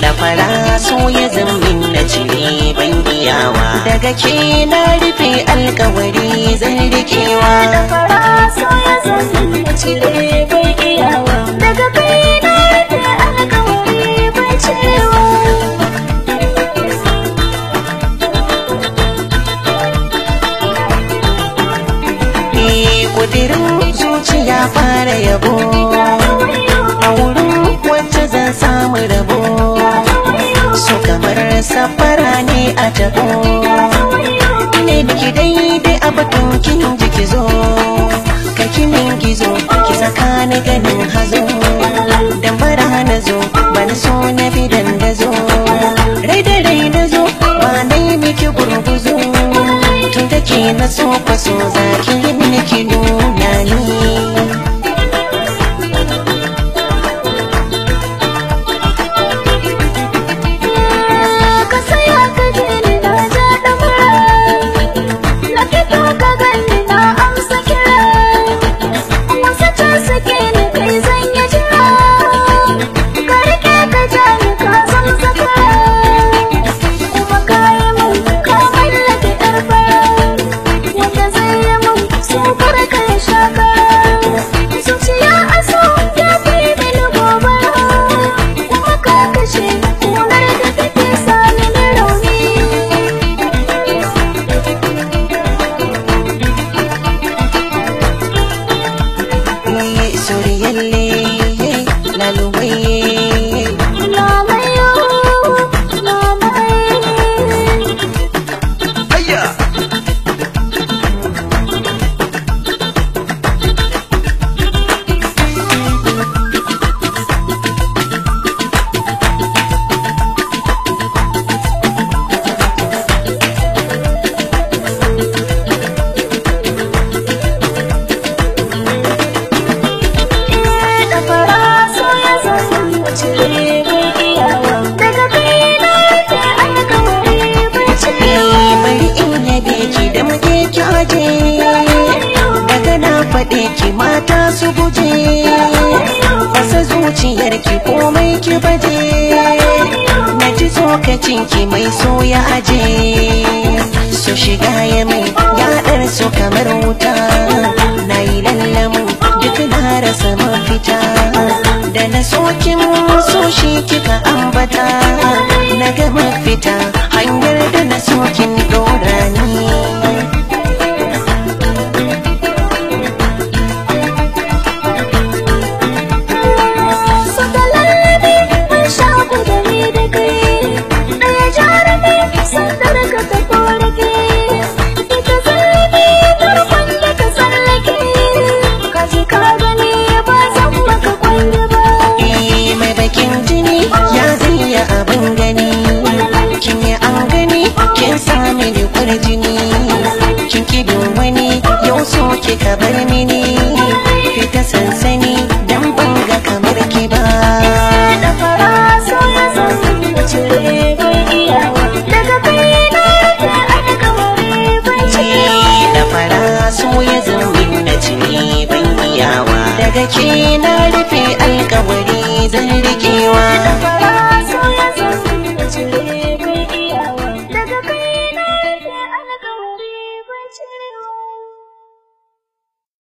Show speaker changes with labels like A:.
A: da fara so ya zammin na cire ban iyawa daga ke na rufe alkawari zan rikewa da fara ya
B: zammin na cire
A: ƙudirin zuciya fara yabo a wurin wacce zan samu rabo su kamar safara ne a tabo ne biki daidai a batun kin jiki zo ka kimin gizo ki saka gani na so faso zaki yi mini kido lalubai lalubai waje magana na faɗe ki mata su guje fasa zuciyar ki komai ki baje na ji tsokacin ki mai soya aje su shiga ya mai yaɗar su kamar wuta na yi lallamu duk na rasa mafita da na sokin so shi kika ambata na ga mafita zubar jini kinki wani yau so ki ka bar mini
B: fita sansani don banga kamar ki ba da fara so ya so cire ban iya daga kai na ta aka
A: kawai bai da fara so ya zambin na ban iyawa daga ke na rufe alkawari zan rikewa